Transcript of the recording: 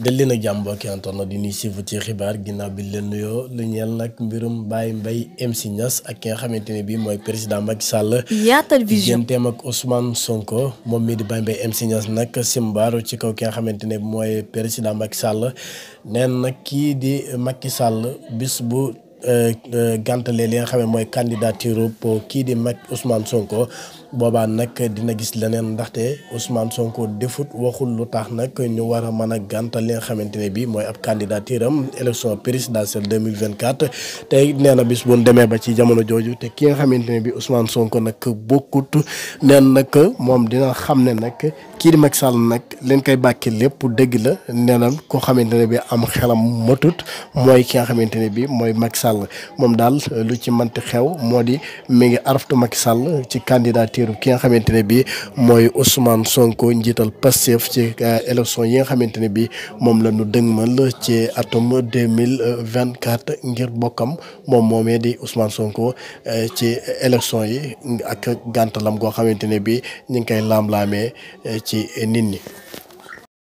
dali nag jàmm mbokki internet di nuyu suivre ci xibaar ginnaaw bi leen nuyoo lu ñeel nag mbirum Baye Mbaye MC Niass ak ki nga xamante ne bii mooy président ma Sall. Yaatal Vision digganteem ak Ousmane Sonko moom mii di Baye Mbaye MC Niass nag simbaaru ci kaw ki nga xamante ne mooy président Macky Sall neen na kii di Macky Sall bis bu. Euh, euh, gàntalee li nga xam ne mooy candidature pour kii di mag Ousmane Sonko boobaa nag dina gis leneen ndaxte Ousmane Sonko defut waxut lu tax nag ñu war a mën a gàntal li nga xamante ne bii mooy ab candidature am élection présidentielle 2024. te nee na bis bu ñu demee ba ci jamono jooju te ki nga xamante ne bii Ousmane Sonko nag bokkut neen nag moom dina xam ne nag kii di Macky Sall nag leen koy bàkkee lépp dëgg la nee na koo xamante am xelam matut mooy ki nga xamante mooy Sall moom daal euh, lu ci mënti xew moo di mi ngi araftu Macky Sall ci candidature ki nga xamante ne bii mooy Ousmane Sonko njiital Pastef ci euh, élection yi nga xamante ne bii moom la ñu dëgmal ci atum deux mille vingt quatre ngir bokkam moom moomee di Ousmane Sonko euh, ci élection yi ak gàntalam goo xamante ne bii ñu ngi koy laam-laamee ci nit ñi.